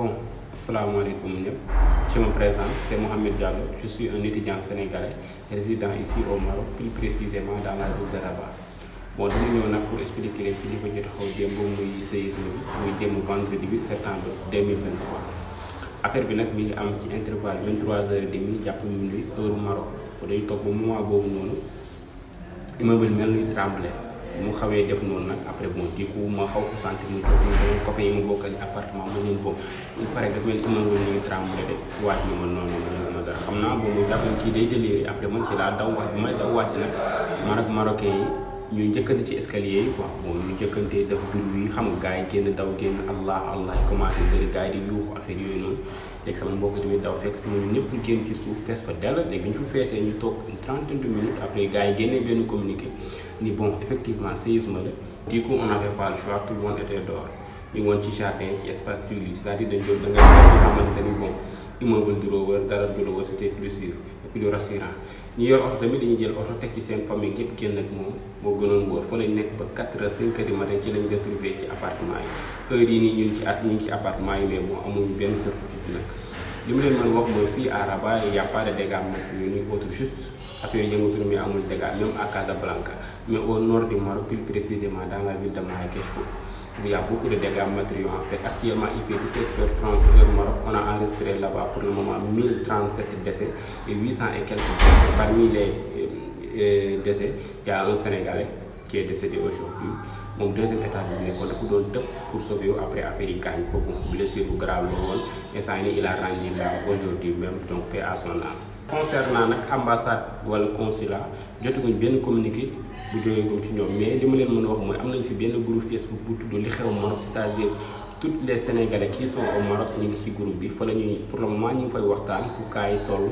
Bon, assalamu alaikum. Je me présente, c'est Mohamed Diallo. Je suis un étudiant sénégalais résidant ici au Maroc, plus précisément dans la de Rabat. Bon, je suis là pour expliquer les filles que j'ai le séisme, le vendredi septembre 2023. bi nag mi ngi am ci intervalle 23h30 jàpp minuit heure Maroc. Dañu toog ba moment boobu noonu immeuble mel ni tremblé. mu xawee def noonu nag après bon du coup ma xaw ko sant mu copain copain yi ma bokkal appartement ma leen bon il paraît daf mel ima woon ñuy tremble de waaj ni ma noonu noonu dara xam naa bon mu jàpp kii day délire après man ci laa daw waaj bi may daw wàcc nag Maroc marocain yi ñu njëkkante ci escalier yi quoi bon ñu njëkkante def jur yi xam nga gars yi génn daw génn allah allah commencé bëri gars yi di yuuxu affaire yooyu noonu léegi sama mbokk tamit daw fekk si ñun ñëpp ñu génn ci suuf fees fa dell léegi bi ñu fa feesee ñu toog une trentaine de minutes après gars yi génnee benn communiqué ni bon effectivement séisme la du coup on n'avait pas le tout le monde était dehors ñu ci jardin ci espace public c'est-à-dire dañ doon da du la ñu yor oto tamit dañuy jël oto teg ci seen famille yëpp kenn ak moom moo gënoon wóor fa lañ nekk ba 4 heures 5 heures du matin ci lañ retrouvé ci appartement yi heure yi nii ñu ngi ci at ñu ngi ci apartement yi mais bon amuñu benn certitude nag li mu leen mën wax mooy fii à Rabat il y a pas de dégâts ñu ni autre juste affaire yëngatu mais amul mais au nord du Maroc, plus précisément dans la ville de Marrakech. Il y a beaucoup de dégâts matériaux en fait. Actuellement, il fait 17h30 heure Maroc. On a enregistré là pour le moment 1037 décès et 800 euh, euh, a moom deuxième état bi nekkoon dafa doon tëb pour sauver wu après affaire yi gaañ foofu blessure bu grave la woon instant yii il a rendu là aujourd'hui même donc paix à son concernant nag ambassade wala consulat jotaguñ benn communiqué bu jógeegum ci ñoom mais li ma leen mën a wax mooy am nañ fi benn groupe Facebook bu tuddu li xew Maroc c'est-à-dire toutes les sénégalais qui sont au Maroc ñu ngi ci groupe bi fa la ñuy pour le ñu ngi fay waxtaan fu kaay toll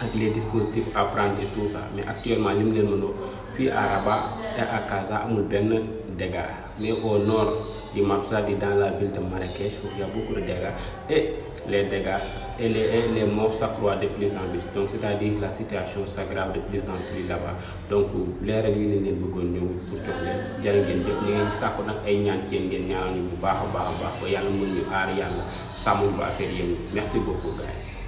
avec les dispositifs à prendre et tout ça mais actuellement li mu leen mënoo fii à Rabat et à Casa amul benn dégâts mais au nord du Maroc cest dans la ville de Marrakech il y a beaucoup de dégâts et les dégâts et les et les morts s'accroissent de plus en plus donc c'est-à-dire la situation s'aggrave de plus en plus là-bas donc leeral ne leen bëggoon ñëw pour jox leen jërë ngeen jëf ñu ngi sàkku nag ay ñaan ci ngeen ñaanal ñu bu baax a baax a baax ba yàlla mu ñu aar yàlla sàmm ba affaire merci beaucoup